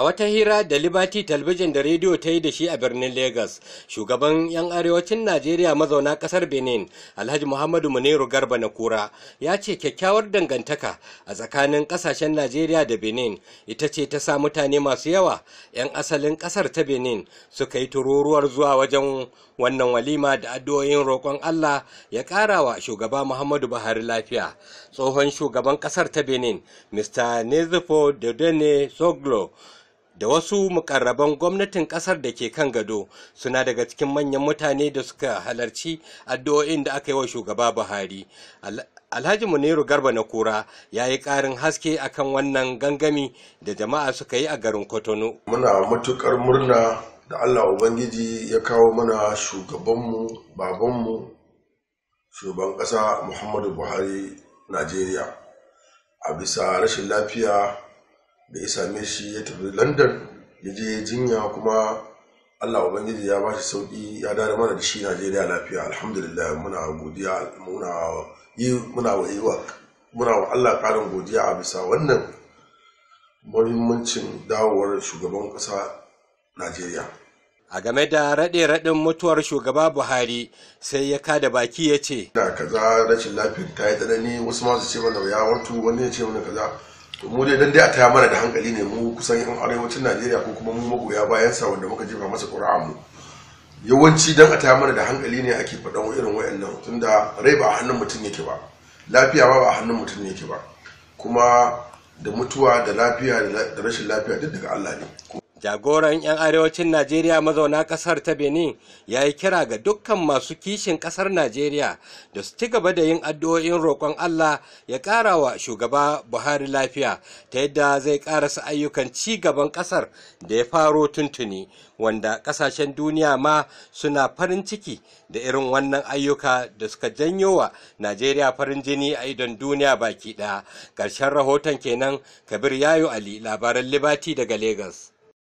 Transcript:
a wata hira da liberty television da rediyo ta yi da shi a birnin lagos shugaban 'yan arewacin najeriya mazauna kasar benin alhaji muhammadu muniru garba na kura ya ce kyakkyawar dangantaka a tsakanin kasashen najeriya da benin ita ce ta sa mutane masu yawa 'yan asalin kasar ta benin suka yi tururuwar zuwa wajen wannan walima da addu'o'in roƙon allah ya ƙara wa shugaba muhammadu buhari lafiya tsohon shugaban kasar ta benin mr nezifo dodene soglo da wasu mukarraban gwamnatin kasar da ke kan gado suna daga cikin manyan mutane da suka halarci addu'o'in da aka yi wa shugaba buhari alhaji muniru garba na kura ya yi ƙarin haske akan wannan gangami da jama'a suka yi a garin kotonu muna matukar murna da allah ubangiji ya kawo mana shugabanmu babanmu shugaban ƙasa muhammadu buhari najeriya a bisa rashin lafiya da ya same shi ya tafi london ya je jinya kuma allah ubangiji ya ba shi sauki ya dare mana da shi najeriya lafiya alhamdulillah muna godiya muna wa muna wa allah karin godiya a bisa wannan muhimmancin dawowar shugaban kasa najeriya a game da raɗe-raɗin mutuwar shugaba buhari sai ya kada baki ya ce na kaza rashin lafiya ta yi tsanani wasu masu ce mana ya wartu wani ya ce mana kaza mu dai dan dai a taya mana da hankali ne mu kusan yan arewacin najeriya ko kuma mu magoya bayan sa wanda muka jefa masa ƙura'an mu yawanci dan a taya mana da hankali ne ake faɗan irin wayannan tunda rai ba a hannun mutum yake ba lafiya ba ba a hannun mutum yake ba kuma da mutuwa da lafiya da rashin lafiya duk daga allah ne jagoran 'yan arewacin najeriya mazauna kasar ta benin ya yi kira ga dukkan masu kishin kasar najeriya da su ci gaba da yin addu'o'in roƙon allah ya ƙara wa shugaba buhari lafiya ta yadda zai ƙarasa ayyukan ci gaban kasar da ya faro tuntuni wanda ƙasashen duniya ma suna farin ciki da irin wannan ayyuka da suka janyo wa najeriya farin jini a idon duniya baki ɗaya ƙarshen rahoton kenan kabir yayo ali labaran libati daga Legas.